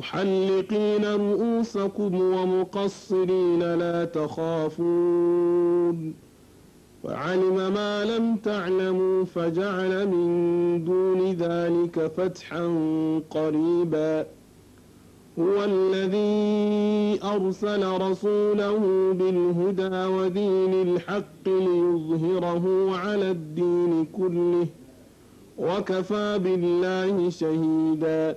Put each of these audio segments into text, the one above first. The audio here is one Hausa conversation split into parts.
محلقين رؤوسكم ومقصرين لا تخافون وعلم ما لم تعلموا فجعل من دون ذلك فتحا قريبا هو الذي أرسل رسوله بالهدى ودين الحق ليظهره على الدين كله وكفى بالله شهيداً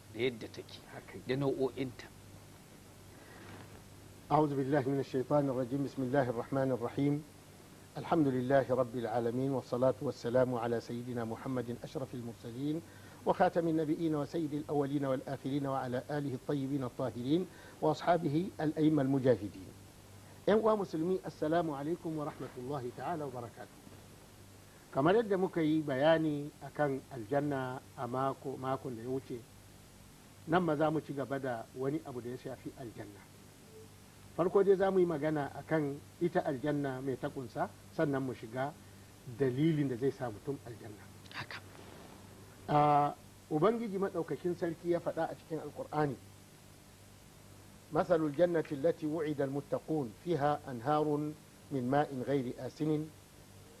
da yadda take da nau'o'inta أعوذ بالله من الشيطان الرجيم بسم الله الرحمن الرحيم الحمد لله رب العالمين والصلاة والسلام على سيدنا محمد أشرف المرسلين وخاتم النبيين وسيد الأولين والآخرين وعلى آله الطيبين الطاهرين وأصحابه الأئمة المجاهدين إنوا musulmi السلام عليكم ورحمة الله تعالى وبركاته كما لدى مكي بياني أكن الجنة أماكو ماكو ليوتي nan ma za mu ci gaba da wani abu da ya shafi aljanna farko dai za mu yi magana a kan ita aljanna mai takunsa sannan mu shiga dalilin da zai sa mutum aljanna haka ubangiji maɗaukakin sarki ya faɗa a cikin alkur'ani lati wu'ida almuttaqun fiha anharun min ma'in من asinin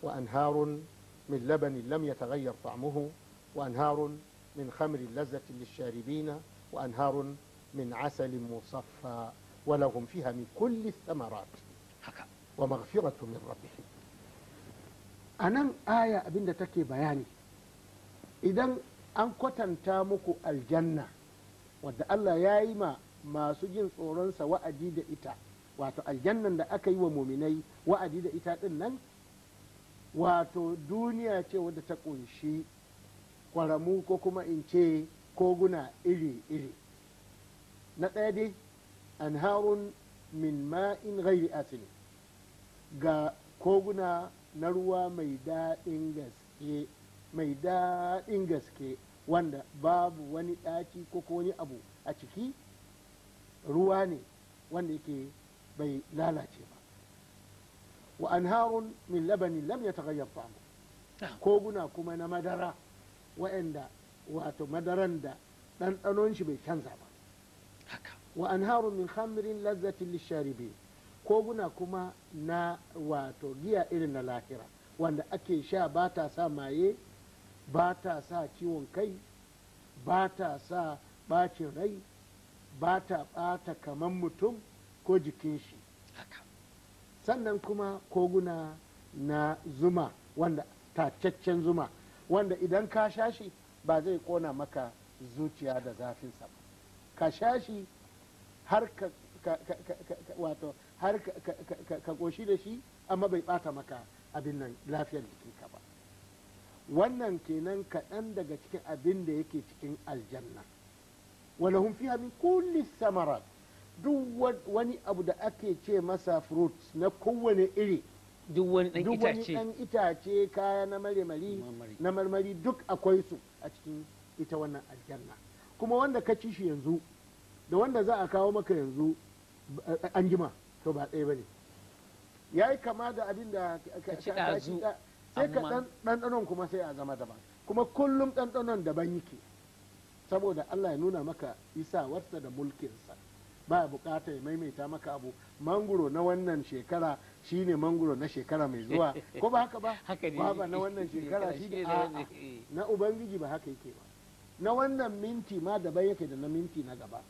wa anharun min labanin lam yataghayyar wa wa anharun من خمر لذة للشاربين وأنهار من عسل مصفى ولهم فيها من كل الثمرات ومغفرة من ربهم anan aya abinda take bayani idan an kwatanta muku aljanna wadda Allah ya yi ma masu yin tsoronsa wa'adi da ita wato aljannan da aka yi wa muminai wa'adi da ita din nan wato duniya ce wadda ta ƙunshi Kwaramu ko kuma in ce koguna iri-iri na ɗaya dai anharun min ma'in ghairi asili ga koguna na ruwa mai daɗin gaske mai daɗin gaske wanda babu wani ɗaci ko wani abu a ciki ruwa ne wanda yake bai lalace ba wa anharun min labani lam ya tagayyar koguna kuma na madara wa'anda wato madaran da ɗanɗanon shi bai canza ba wa anharu min khamirin lazzatin lisharibi koguna kuma na wato giya irin na lahira wanda ake sha ba ta sa maye ba ta sa ciwon kai ba ta sa bacin rai ba ta ɓata kaman mutum ko jikin shi sannan kuma koguna na zuma wanda tacaccen zuma wanda idan ka sha shi ba zai kona maka zuciya da zafinsa ba ka sha shi har ka wato har ka da shi amma bai bata maka abin nan lafiyar jikinka ba wannan kenan kaɗan daga cikin abin da yake cikin aljanna walahun fiha min kulli samarat duk wani abu da ake ce masa fruits na kowane iri duk wani dan itace dan itace kaya na marmari na marmari duk akwai su a cikin ita wannan aljanna kuma wanda ka ci shi yanzu da wanda za a kawo maka yanzu an jima to ba ne. bane yayi kama da abin da ka ci sai ka ɗanɗanon kuma sai a zama daban kuma kullum ɗanɗanon daban yake saboda Allah ya nuna maka isawarsa da mulkinsa ba bukata ya maimaita maka abu mangoro na wannan shekara Shi ne mangoro na shekara mai zuwa ko ba haka ba ba na wannan shekara shi ne eh. na ubangiji ba haka yake ba na wannan minti ma daban yake da na minti na gaba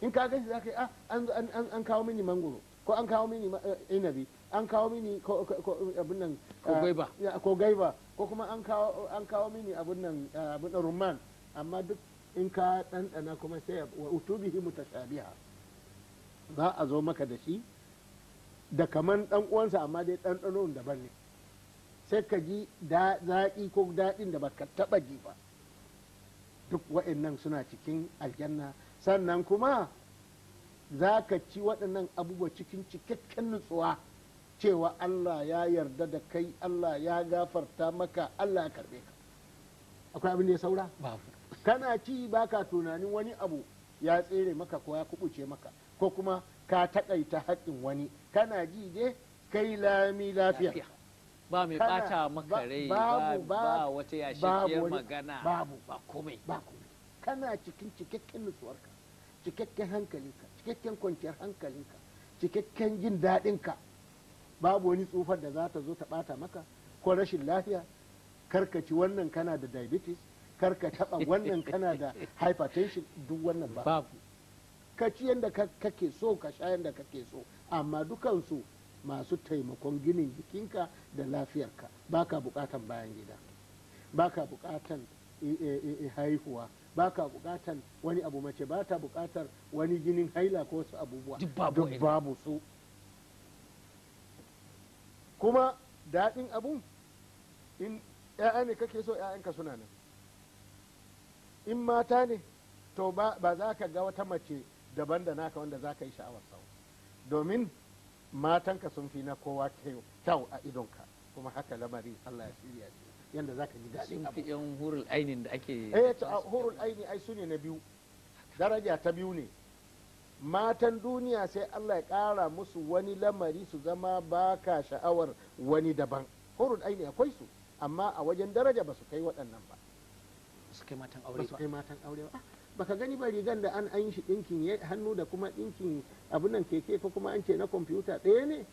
in ka gashi za ka yi ah, an kawo mini mangoro ko an kawo mini eh, inabi an kawo mini abin nan ah, ko gaiba ko kuma an kawo mini abin nan ah, abin rumman amma duk in ka ɗanɗana kuma sai wa utubihi mutashabiha Ba a zo maka da shi da kaman dan uwansa amma dai ɗanɗanon daban ne sai ka ji zaƙi ko daɗin da baka taɓa ji ba duk wa'annan suna cikin aljanna sannan kuma za ka ci waɗannan abubuwa cikin cikakken nutsuwa cewa Allah ya yarda da kai Allah ya gafarta maka Allah ya karbe ka akwai abin da ya saura kana ci baka tunanin wani abu ya tsere maka ko ya kubuce maka ko kuma ka taƙaita haƙƙin wani kana ji je kai lami lafiya ba mai bata maka rai ba wata yashashiyar magana babu ba komai ba komai kana cikin cikakken nutsuwarka cikakken hankalinka cikakken kwanciyar hankalinka cikakken jin daɗinka babu wani tsufar da za ta zo ta bata maka ko rashin lafiya karkaci wannan kana da diabetes karka taba wannan kana da hypertension duk wannan ba ka ci yadda kake so ka sha yadda kake so amma dukansu masu taimakon ginin jikinka da lafiyarka baka bukatan bayan gida baka bukatan eh, eh, eh, haihuwa baka bukatan wani abu mace ba ta bukatar wani ginin haila ko wasu abubuwa duk babu su kuma daɗin abun in ‘ya'ya ne kake so ‘ya'yanka suna nan in mata ne to ba za ka ga wata mace daban da naka wanda za ka yi sha'awar sau domin matanka sun fi na kowa kyau a idonka kuma haka lamari Allah ya shirya shi za ka ji daɗin abu sun fi yan hurul ainin da ake eh to hurul aini ai su ne na biyu daraja ta biyu ne matan duniya sai Allah ya ƙara musu wani lamari su zama baka sha'awar wani daban hurul aini akwai su amma a wajen daraja ba su kai waɗannan ba su kai matan aure ba su kai matan aure ba baka gani ba rigan da an an shi ɗinkin hannu da kuma ɗinkin Abu nan keke ko kuma an ce na kwamfuta ɗaya ne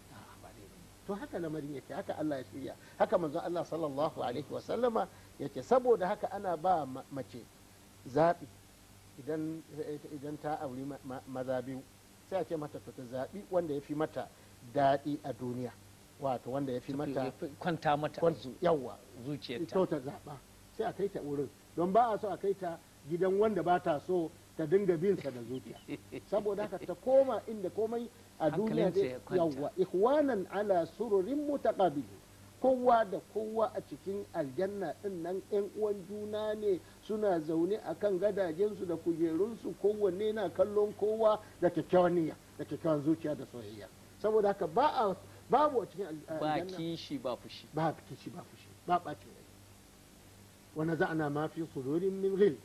to haka lamarin yake haka Allah ya shirya haka manzo Allah sallallahu alaihi wa sallama yake saboda haka ana ba mace zaɓi idan idan ta auri maza biyu sai a ce mata to ta zaɓi wanda ya fi mata daɗi a duniya wato wanda ya fi mata kwanta mata yawa zuciyarta to ta zaɓa sai a kai ta wurin don ba a so a kai ta gidan wanda ba ta so ta dinga bin sa da zuciya saboda haka ta koma inda komai a duniya da yawa ikhwanan ala sururin mutaqabili kowa da kowa a cikin aljanna din nan yan uwan juna ne suna zaune a kan gadajensu da kujerunsu kowanne na kallon kowa da kyakkyawan niyya da kyakkyawan zuciya da soyayya saboda haka ba a babu a cikin aljanna ba kishi ba fushi ba kishi ba fushi ba ba ce wa naza'na ma fi sudurin min ghil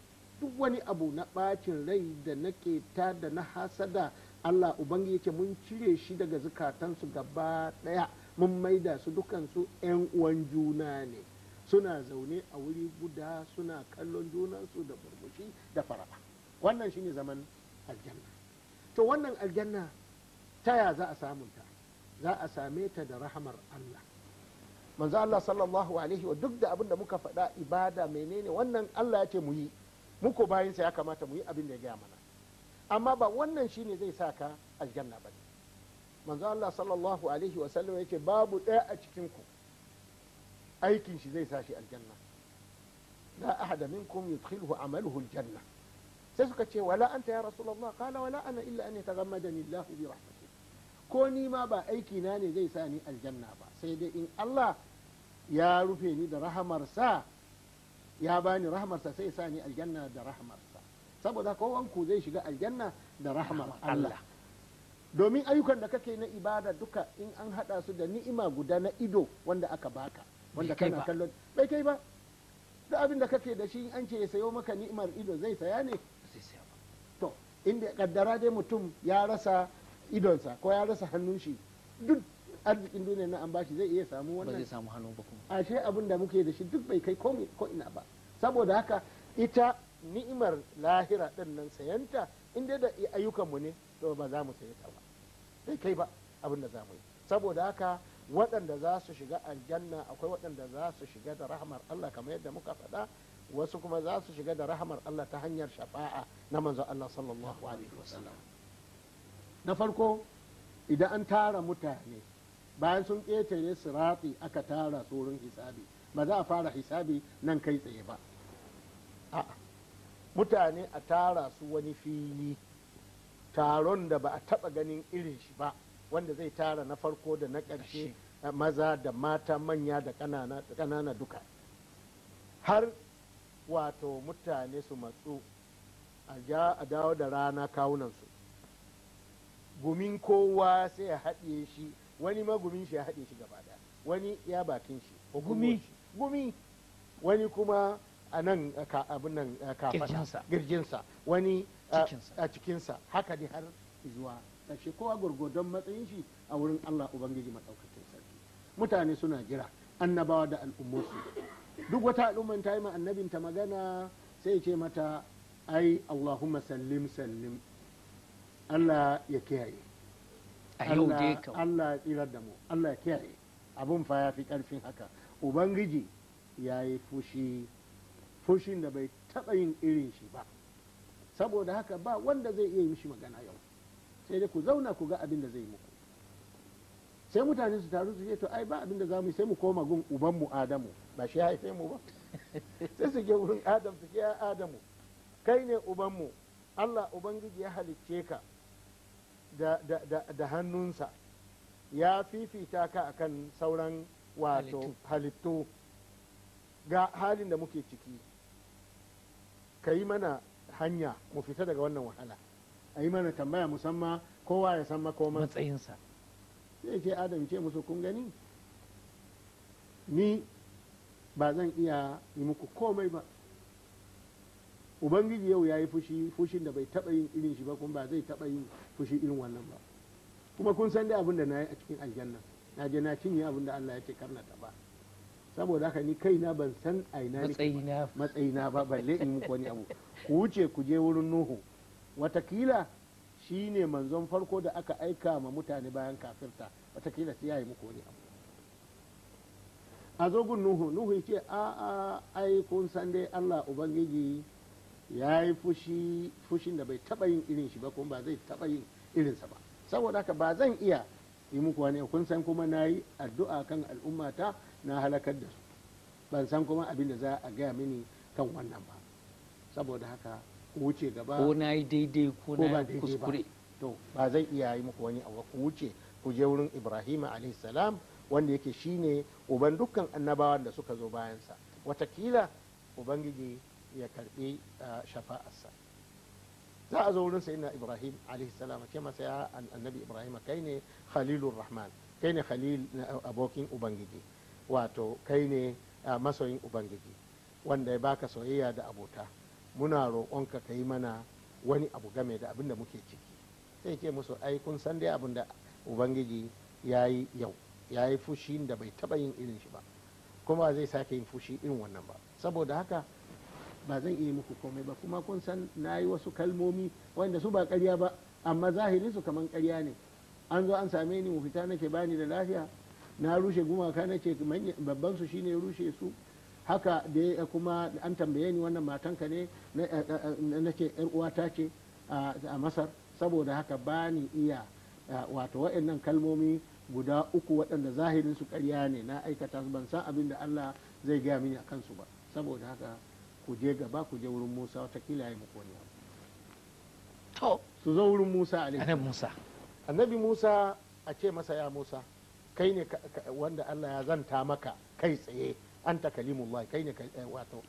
duk wani abu na ɓacin rai da na keta da na hasada Allah Ubangiji yake mun cire shi daga zukatansu gaba ɗaya mun maida su dukansu 'yan uwan juna ne suna zaune a wuri guda suna kallon junansu da burbushi da faraba wannan shine zaman aljanna to wannan aljanna taya za a samunta za a same ta da rahamar Allah manzo Allah sallallahu alaihi wa duk da abin da muka faɗa ibada menene wannan Allah ya ce mu yi muku bayansa ya kamata mu yi abin da ya gaya mana amma ba wannan shi ne zai sa ka aljanna ba ne manzo Allah sallallahu alaihi wa sallam yace babu ɗaya a cikin ku aikin shi zai sa shi aljanna la ahada minkum yudkhiluhu amaluhu aljanna sai suka ce wala anta ya rasulullah qala wala ana illa an yataghammadani Allah bi rahmatihi ko ni ma ba aiki na ne zai sa ni aljanna ba sai dai in Allah ya rufe ni da rahamarsa ya bani rahmarsa sai sa ni aljanna da rahmarsa saboda kowan ku zai shiga aljanna da rahmar Allah domin ayyukan da kake na ibada duka in an hada su da ni'ima guda na ido wanda aka baka wanda kana kallon bai kai ba da abin da kake da shi an ce ya sayo maka ni'imar ido zai saya ne to inda kaddara dai mutum ya rasa idonsa ko ya rasa hannun shi duk arzikin duniya na an bashi zai iya samu wannan ba zai samu hannu ba kuma ashe abin da muke da shi duk bai kai ko ina ba saboda haka ita ni'imar lahira din nan sayanta in dai da ayyukanmu ne to ba za mu saye ta ba bai kai ba abin da za mu yi saboda haka waɗanda za su shiga aljanna akwai waɗanda za su shiga da rahmar Allah kamar yadda muka faɗa wasu kuma za su shiga da rahmar Allah ta hanyar shafa'a na manzo Allah sallallahu alaihi wasallam na farko idan an tara mutane bayan sun ƙetare sirati aka tara tsoron hisabi ba za a fara hisabi nan kai tsaye ba mutane a tara su wani fili taron da ba a taba ganin irin shi ba wanda zai tara na farko da na ƙarshe eh, maza da mata manya da ƙanana duka har wato mutane su matsu a ja a dawo da rana kawunansu gumin kowa sai ya haɗe shi wani ma gumin shi ya haɗe shi gaba wani ya bakin shi gumi gumi wani kuma a nan abin nan kafasa girjinsa wani a cikinsa haka dai har zuwa ƙarshe kowa don matsayin shi a wurin Allah Ubangiji maɗaukakin sarki mutane suna jira annabawa da al'ummosu duk wata al'ummar ta yi ma annabinta magana sai ce mata ai Allahumma sallim sallim Allah ya kiyaye Allah ya tsirar da mu Allah ya kiyaye Abin fa ya fi ƙarfin haka ubangiji ya yi fushi fushin da bai taɓa yin irin shi ba saboda haka ba wanda zai iya yi mishi magana yau sai dai ku zauna ku ga abin da zai muku sai mutane su taru su ce to ai ba abin da zamu sai mu koma gun uban mu Adamu ba shi haife mu ba sai su ke wurin Adam su ke ya Adamu kai ne uban mu Allah ubangiji ya halicce ka da, hannunsa ya fifita ka akan sauran wato halittu ga halin da muke ciki ka yi mana hanya mu fita daga wannan wahala a yi mana tambaya musamman kowa ya san makoma matsayinsa sai ce adam ce musu kun gani ni ba zan iya yi muku komai ba ubangiji yau ya yi fushi fushin da bai taba yin irin shi ba kuma ba zai taɓa yin fushi irin wannan ba kuma kun san dai abin da na yi a cikin aljanna na je na cinye abin da allah ya ce karnata ba saboda haka ni kaina ban san aina ne matsayina ba balle in muku wani abu ku wuce ku je wurin nuhu watakila shi ne manzon farko da aka aika ma mutane bayan kafirta watakila sai ya yi muku wani abu a zogun nuhu nuhu ce a a ai kun san dai allah ubangiji ya yi fushi fushin da bai taba yin irin shi ba kuma ba zai taba yin irinsa ba saboda haka ba zan iya yi muku wani kun san kuma na yi addu'a kan al'ummata na halakar da su ban san kuma abin da za a gaya mini kan wannan ba saboda haka ku wuce gaba ko na yi daidai ko na kuskure to ba zai iya yi muku wani abu ku wuce ku je wurin ibrahim alaihi salam wanda yake shine uban dukkan annabawan da suka zo bayansa watakila ubangiji ya karbi ah, shafa'arsa za a zo wurin sayyidina ibrahim alaihi salam ce masa ya ah, annabi ibrahim kai ne khalilur rahman kai ne khalil abokin ubangiji wato kai ne masoyin ubangiji wanda ya baka soyayya da abota muna roƙonka ka yi mana wani abu game da abinda muke ciki sai ce musu ai kun san dai abin ubangiji ya yi yau ya yi fushi da bai taba yin irin shi ba kuma zai sake yin fushi irin wannan ba saboda haka ba zan iya muku komai ba kuma kun san na yi wasu kalmomi wanda su ba karya ba amma su kamar karya ne an zo an same ni mu fita nake bani da lafiya na rushe gumaka na ce babban su shine rushe su haka da kuma an tambaye ni wannan matanka ne na eh, eh, eh, ce yar uwata ce a masar saboda haka ba ni iya wato wa'annan kalmomi guda uku waɗanda zahirin su ƙarya ne na aikata su ban san abin da Allah zai gaya mini akan su ba saboda haka ku je gaba ku je wurin Musa watakila ya muku wani to su zo wurin Musa alaihi Musa annabi Musa a ce masa ya Musa kai ne wanda Allah ya zanta maka kai tsaye an ta kalimullah kai ne eh, wato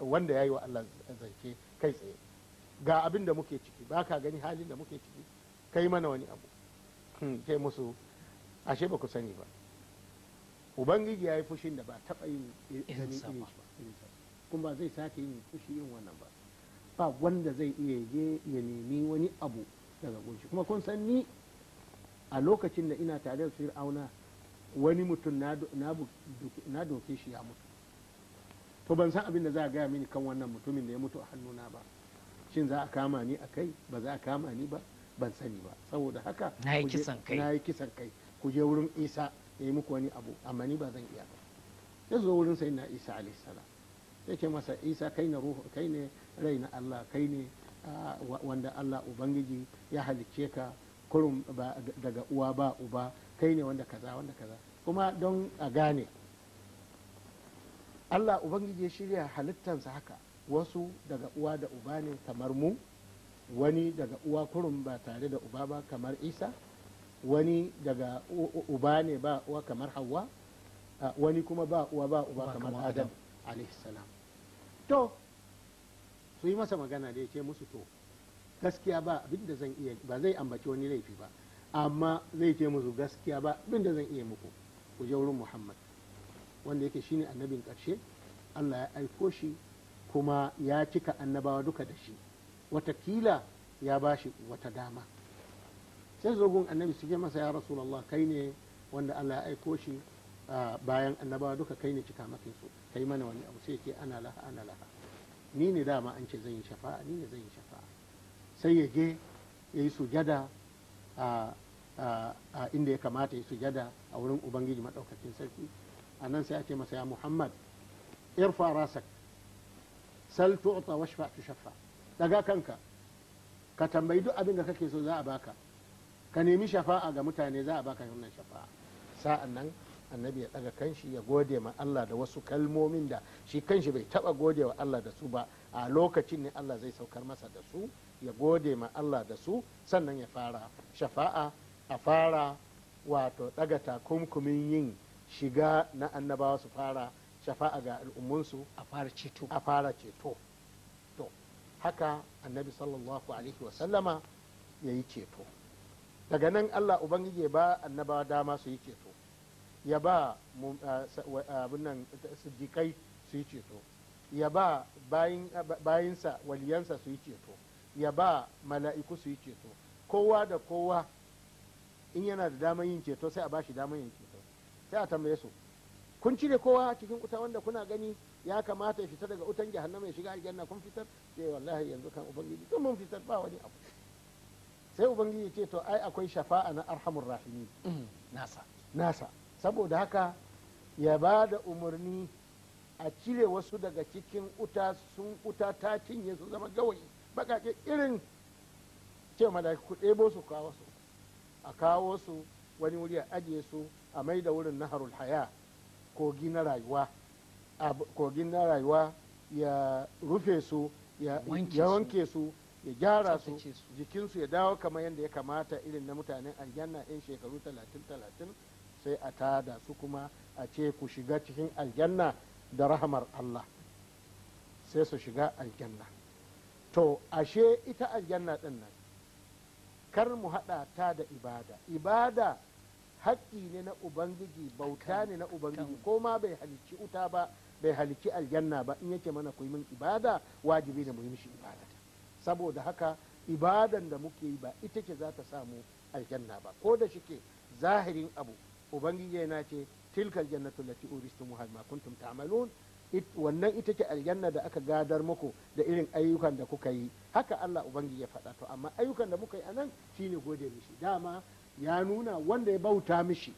wanda ya yi wa Allah zance kai tsaye ga abin da muke ciki ba ka gani halin da muke ciki kai mana wani abu ke hmm, musu ashe ba ku sani ba ubangiji ya yi fushin da ba taɓa yin irin kuma zai sake yin fushi yin wannan ba ba wanda zai iya je ya nemi wani abu daga gunshi kuma kun san ni a lokacin da ina tare da fir'auna wani mutum na doke shi ya mutu to ban san abin da za a gaya mini kan wannan mutumin da ya mutu a hannuna ba shin za a kama ni a kai ba za a kama ni ba ban sani ba saboda haka na yi kisan kai ku je wurin isa ya yi muku wani abu amma ni ba zan iya ba ya zo wurin sai na isa alisala ya ce masa isa kai ne kai ne rai na allah kai ne ah, wanda allah ubangiji ya halicce ka kurum ba daga uwa ba uba kai ne wanda kaza wanda kaza kuma don a gane allah ubangiji ya shirya halittansa haka wasu daga uwa da uba ne kamar mu wani daga uwa kurum ba tare da uba ba kamar isa wani daga uba ne ba uwa kamar hawa wani kuma ba uwa ba uba kamar adam alaihi salam to su yi masa magana da ya ce musu to gaskiya ba abin da zan iya ba zai ambaci wani laifi ba amma zai ce musu gaskiya ba abin da zan iya muku ku je wurin muhammad wanda yake shine annabin karshe allah ya aiko shi kuma ya cika annabawa duka da shi watakila ya ba shi wata dama sai zogun annabi suke masa ya rasulallah kai ne wanda allah ya aiko shi bayan annabawa duka kai ne cika makin su kai mana wani abu sai ce ana laha ana laha ni ne dama an ce zan yi shafa'a ni ne zan yi shafa'a sai ya je ya yi sujada a inda ya kamata ya sujada a wurin ubangiji maɗaukakin sarki a nan sai a ce masa ya muhammad irfa rasak sal tu'ta washfa tushaffa daga kanka ka tambayi duk abin da kake so za a baka ka nemi shafa'a ga mutane za a baka wannan shafa'a sa'an nan annabi ya daga kanshi ya gode ma Allah da wasu kalmomin da shi kanshi bai taba gode wa Allah da su ba a lokacin ne Allah zai saukar masa da su ya gode ma Allah da su sannan ya fara shafa'a a fara wato daga takunkumin yin shiga na annabawa su fara shafa'a ga al'ummunsu a fara ceto a fara ceto to haka annabi sallallahu alaihi wasallama ya yi ceto daga nan Allah ubangiji ya ba annabawa dama su yi ceto ya ba abin nan su yi ceto ya ba bayinsa waliyansa su yi ceto ya ba mala'iku su yi ceto kowa da kowa in yana da damar yin ceto sai a ba shi damar yin ceto sai a tambaye su kun cire kowa cikin kuta wanda kuna gani ya kamata ya fita daga utan jahannama ya shiga aljanna kun fitar sai wallahi yanzu kan ubangiji tun mun fitar ba wani abu sai ubangiji ce to ai akwai shafa'a na arhamur rahimi mm, nasa nasa saboda haka ya ba da umarni a cire wasu daga cikin uta sun uta ta cinye su zama gawayi bakake irin ce mala'iku ɗebo su kawo su a kawo su wani wuri a ajiye su a mai da wurin naharul haya kogi na rayuwa kogi na rayuwa ya rufe su ya wanke su ya gyara su jikinsu ya dawo kamar yadda ya kamata irin na mutanen aljanna 'yan shekaru talatin talatin sai a tada su kuma a ce ku shiga cikin aljanna da rahamar Allah sai su shiga aljanna to ashe ita aljanna ɗin nan kar mu haɗa ta da ibada ibada haƙƙi ne na ubangiji bauta ne na ubangiji ko ma bai halicci uta ba bai halicci aljanna ba in yake mana ku min ibada wajibi ne mu yi mishi ibada saboda haka ibadan da muke yi ba ita ce za ta samu aljanna ba ko da shike zahirin abu ubangiji yana ce tilkal jannatu lati uristumuha ma kuntum ta'malun wannan ita ce aljanna da aka gadar muku da irin ayyukan da kuka yi haka Allah ubangiji ya faɗa to amma ayyukan da muka yi anan shine gode mishi dama ya nuna wanda ya bauta mishi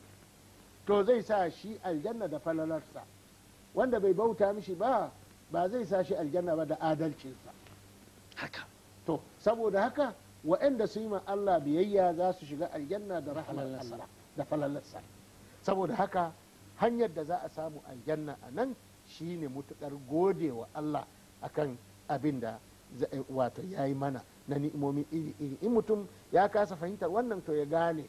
to zai sa shi aljanna da falalarsa wanda bai bauta mishi ba ba zai sa shi aljanna ba da adalcinsa haka to saboda haka waɗanda su yi ma Allah biyayya za su shiga aljanna da Allah da falalarsa saboda haka hanyar da za a samu aljanna a nan shine mutukar gode wa Allah akan abin da eh, wato ya yi mana na ni'imomi iri-iri in mutum ya kasa fahimtar wannan to ya gane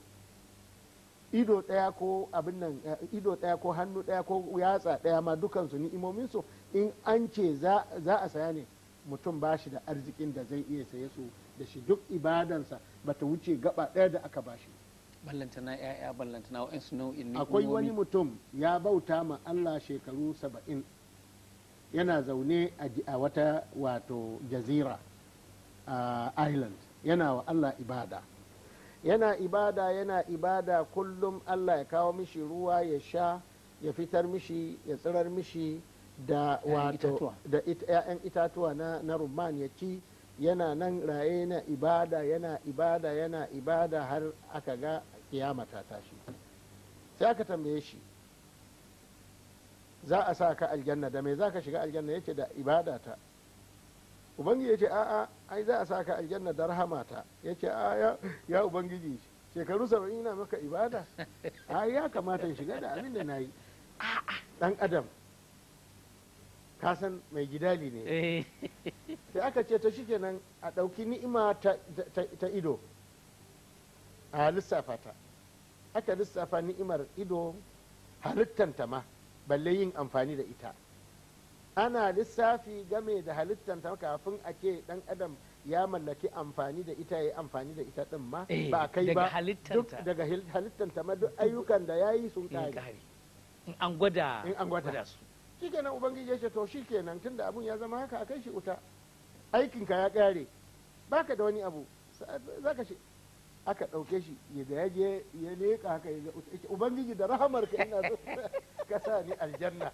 ido ɗaya ko abin nan eh, ido ɗaya ko hannu ɗaya ko yatsa ɗaya ma dukansu ni'imominsu in an ce za a saya ne mutum ba shi da arzikin da zai iya saye su da shi duk ibadansa bata wuce gaba ɗaya da aka ba shi ballantana ya'ya ballantana wa'ansu nau'in akwai wani mutum ya bauta ma allah shekaru saba'in yana zaune a wata wato jazira a island yana wa allah ibada yana ibada yana ibada kullum allah ya kawo mishi ruwa ya sha ya fitar mishi ya tsirar mishi da wato da 'ya'yan itatuwa na, na rumman ya ci yana nan raye na ibada yana ibada yana ibada har aka ga kiyama ta tashi sai aka tambaye shi za a sa ka aljanna da mai. za ka shiga aljanna yake da ibada ta ubangiji ce a'a ai za a sa ka aljanna da rahama ta ce a ya ubangiji shekaru saba'in ina maka ibada a ya kamata shiga da abin da na yi dan adam ka san mai gidali ne eh. sai aka ce ta kenan a ɗauki ni'ima ta ido a lissafa ta aka lissafa ni'imar ido halittanta ma balle yin amfani da ita ana lissafi game da halittanta kafin a ce dan adam ya mallaki amfani da ita ya amfani da ita din ma eh, ba a kai ba duk daga halittanta ma duk ayyukan da ya yi sun kare in an gwada in an gwada su ubangiji ya ce to shikenan tunda abun ya zama haka a kai shi wuta aikinka ya kare baka da wani abu zaka shi aka ɗauke shi da ya je ya leƙa haka ya ubangiji da rahamar ka ina so ka sa ni aljanna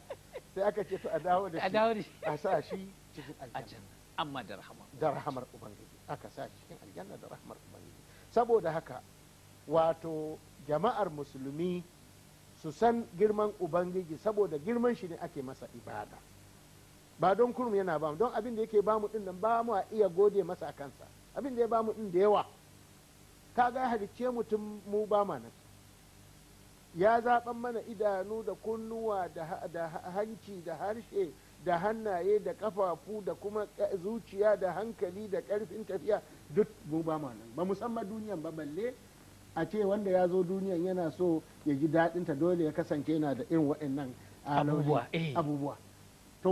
sai aka ce to a dawo da shi a sa shi cikin aljanna amma da rahamar da rahamar ubangiji aka sa shi cikin aljanna da rahamar ubangiji saboda haka wato jama'ar musulmi su san girman ubangiji saboda girman shi ne ake masa ibada ba don kurum yana ba don abin da yake mu din nan ba mu a iya gode masa a kansa abin da ya ba mu din da yawa ka ga halicce mutum mu ba ma nan ya zaɓan mana idanu da kunnuwa da hanci da harshe da hannaye da kafafu da kuma zuciya da hankali da ƙarfin tafiya duk mu ba ma nan ba musamman duniyan ba balle a ce wanda ya zo duniyan yana so ya ji daɗinta dole ya kasance yana da irin waɗannan abubuwa eh. to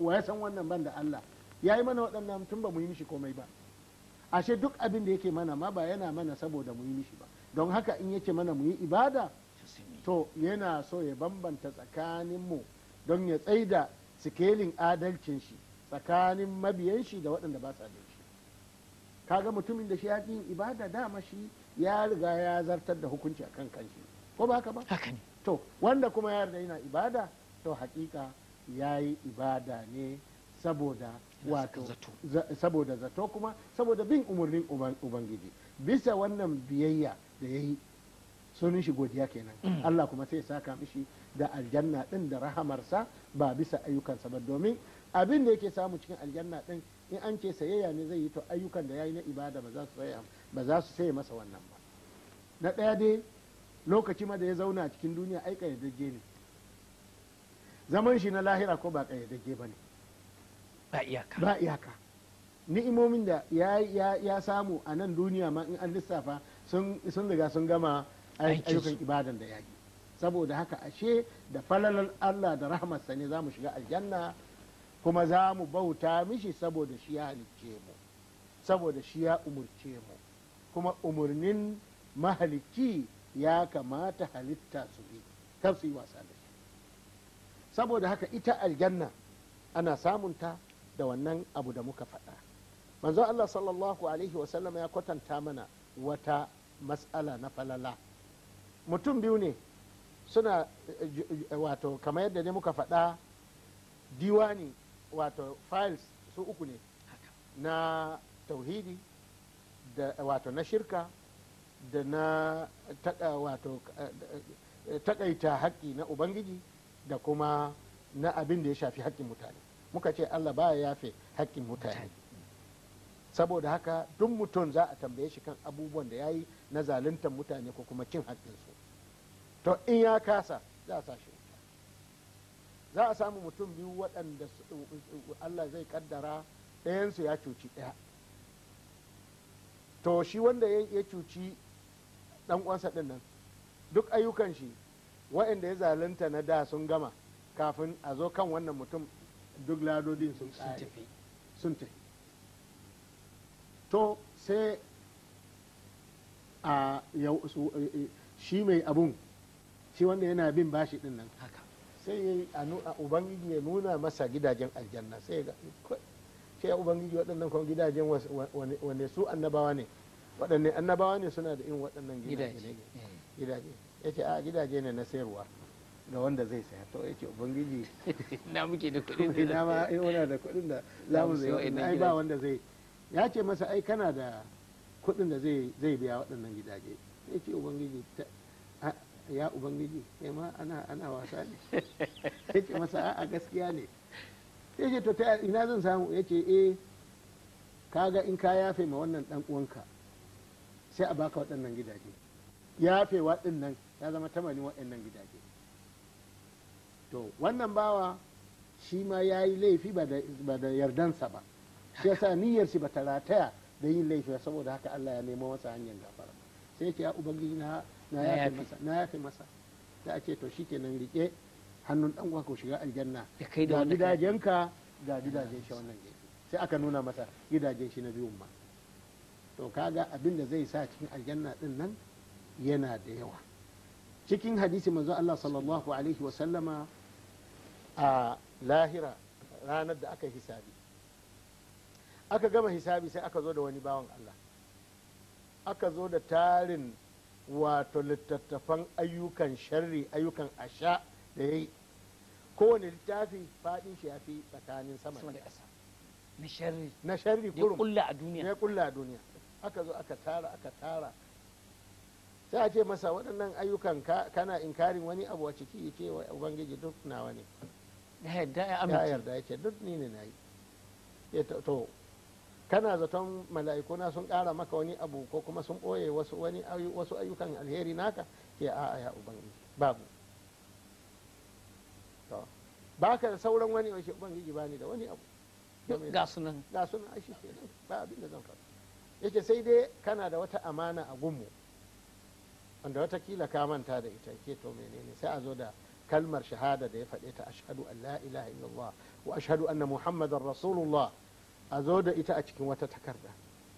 wa ya san wannan ban da Allah ya yi mana waɗannan tun ba mu yi mishi komai ba ashe duk abin da yake mana ma ba yana mana saboda mu yi mishi ba don haka in yake mana mu yi ibada to yana so ya bambanta tsakanin mu don ya tsaida sikelin adalcin shi tsakanin mabiyan shi da waɗanda ba sa kaga mutumin da shi ya yin ibada dama shi ya riga ya zartar da hukunci a kan kanshi ko ba haka ba haka ne to wanda kuma ya yarda yana ibada to hakika ya yi ibada ne saboda wato saboda zato kuma saboda bin umarnin ubangiji bisa wannan biyayya da ya yi sunan shi godiya kenan mm. Allah kuma sai saka mishi da aljanna din da rahamarsa ba bisa ayyukansa ba domin abin da yake samu cikin aljanna din in an ce sayayya ne zai yi to ayyukan da ya yi na ibada ba za su saya ba za su saya masa wannan ba na ɗaya dai lokaci ma da ya zauna cikin duniya ai ƙayyadajje ne zaman shi na lahira ko ba ƙayyadajje ba ne ba iyaka ba ni'imomin da ya samu a nan duniya ma in an lissafa sun riga sun gama ayyukan ibadan da yaki saboda haka ashe da falalar Allah da rahmarsa ne za mu shiga aljanna kuma za mu bauta mishi saboda shi ya halicce mu saboda shi ya umurce mu kuma umarnin mahalicci ya kamata halitta su bi kar su yi wasa da shi saboda haka ita aljanna ana samunta da wannan abu da muka faɗa manzo Allah sallallahu alaihi wasallam ya kwatanta mana wata matsala na falala mutum biyu ne suna wato kamar yadda ne muka faɗa diwani wato files su uku ne na tauhidi da wato na shirka da na wato eh, takaita haƙƙi na ubangiji da kuma na abin da ya shafi haƙƙin mutane muka ce allah baya yafe haƙƙin mutane saboda haka duk mutum za a tambaye shi kan abubuwan da ya yi na zaluntar mutane ko kuma cin haƙƙinsu to in ya kasa za a sa shi za a samu mutum biyu waɗanda allah zai kaddara ɗayansu ya cuci ɗaya to shi wanda ya cuci ɗan ƙwansa ɗin nan duk ayyukan shi waɗanda ya zalunta na da sun gama kafin a zo kan wannan mutum duk ladodin sun tafi sun tafi to sai a e, e, shi mai abun shi wanda yana bin bashi din nan haka sai a ubangiji ya nuna masa gidajen aljanna sai ga sai ubangiji waɗannan kuma gidajen wanne su annabawa ne waɗanne annabawa ne suna da irin waɗannan gidaje gidaje eh. ce a gidaje ne na sayarwa ga wanda zai saya to ya ce ubangiji na muke da kuɗin da ma ai ona da kuɗin da za mu zai ai ba wanda zai ya ce masa ai kana da kuɗin da zai zai biya waɗannan gidaje ya ce ubangiji ya ubangiji kai ma ana ana wasa ne ya ce masa a gaskiya ne ya ce to ta ina zan samu ya ce eh kaga in ka yafe ma wannan dan uwanka sai a baka waɗannan gidaje yafe waɗannan ya zama tamanin waɗannan gidaje to wannan bawa shi ma ya yi laifi ba da yardansa ba shi yasa niyyar shi ba ta rataya da yin laifi ba saboda haka Allah ya nemo masa hanyar gafara sai ce ya ubangiji na yafe masa na yafe masa da a ce to shikenan rike hannun dan uwa ko shiga aljanna ga gidajenka ga gidajen shi wannan gefe sai aka nuna masa gidajen shi na biyun ma to kaga abin da zai sa cikin aljanna din nan yana da yawa cikin hadisi manzo Allah sallallahu alaihi wa sallama a lahira ranar da aka hisabi aka gama hisabi sai aka zo da wani bawan Allah aka zo da tarin wato littattafan ayyukan sharri ayyukan asha da ya yi kowane littafi faɗin shi ya fi tsakanin sama da ƙasa na sharri na sharri kurum ya kulla a duniya aka zo aka tara aka tara sai a ce masa waɗannan ayyukan kana inkarin wani abu a ciki ya ce ubangiji duk nawa ne ya yarda ya ce duk ni ne na yi to kana zaton mala'ikuna sun ƙara maka wani abu ko kuma sun ɓoye wasu wani wasu ayyukan alheri naka ke a ya ubangiji babu Ba baka da sauran wani wani ubangiji bani da wani abu ga sunan ga sunan aishi ba abin da zan faɗa yake sai dai kana da wata amana a gunmu wanda watakila ka manta da ita ke to menene sai a zo da kalmar shahada da ya faɗe ta ashhadu an la ilaha illallah wa ashhadu anna muhammadar rasulullah a zo da ita a cikin wata takarda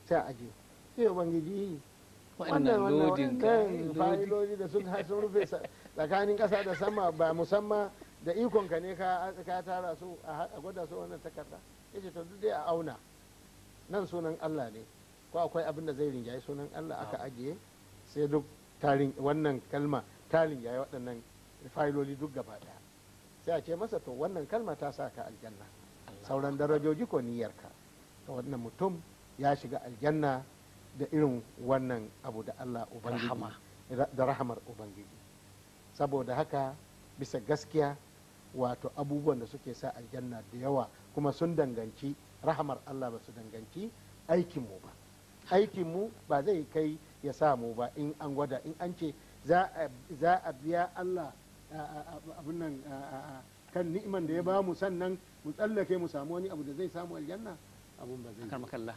sai a aje sai ubangiji wannan wannan fa'idodi da sun rufe tsakanin ƙasa da sama ba musamman da ikonka ne ka tara su a gwada su wannan takarda ya ce to duk dai a auna nan sunan allah ne ko akwai abin da zai rinjaye sunan allah aka ajiye sai duk tarin wannan kalma tarin yayi waɗannan failoli duk gaba ɗaya sai a ce masa to wannan kalma ta sa ka aljanna sauran darajoji ko niyyarka to wannan mutum ya shiga aljanna da irin wannan abu da Allah ubangiji da rahamar ubangiji saboda haka bisa gaskiya wato abubuwan da suke sa aljanna da yawa kuma sun danganci rahamar Allah ba su danganci aikinmu ba aikinmu ba zai kai ya samu ba in an gwada in an ce za a biya allah abinnan kan ni'iman da ya ba mu sannan mu tsallake mu samu wani abu da zai samu aljanna abun ba zai kalla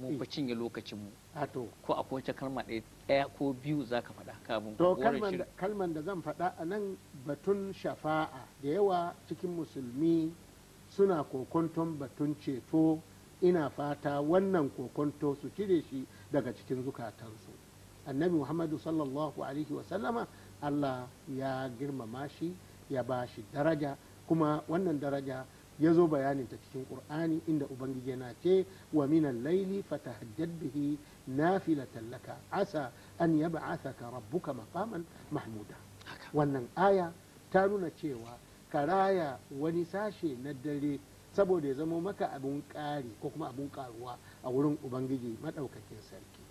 mu eh. fa cinye lokacin mu ko a kowace kalma daya ko biyu za ka faɗa kamun to kalman da zan faɗa a nan batun shafa'a da yawa cikin musulmi suna kokonton batun ceto ina fata wannan kokonto su cire shi daga cikin zukatansu annabi muhammadu sallallahu alaihi wasallama allah ya girmama shi ya ba shi daraja kuma wannan daraja ya zo bayanin ta cikin ƙur'ani inda ubangiji yana ce wa minan laili hajjar bihi na laka asa an ka rabbuka makaman mahmuda wannan aya ta nuna cewa karaya wani sashe na dare saboda ya zamo maka abin ƙari ko kuma abin ƙaruwa a wurin ubangiji maɗaukakin sarki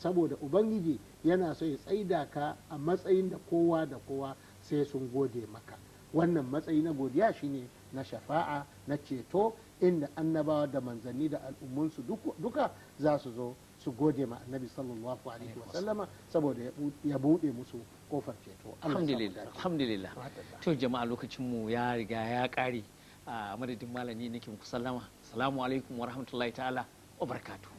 saboda ubangiji yana so ya tsaida ka a matsayin da kowa da kowa sai sun gode maka wannan matsayi na godiya shine na shafa'a na ceto inda annabawa da manzanni da al'ummunsu duka za su zo su gode ma annabi sallallahu alaihi wasallama saboda ya buɗe musu kofar ceto alhamdulillah to jama'a lokacin mu ya riga ya ƙare a madadin malami nake muku sallama salamu alaikum wa rahmatullahi ta'ala wa barakatuh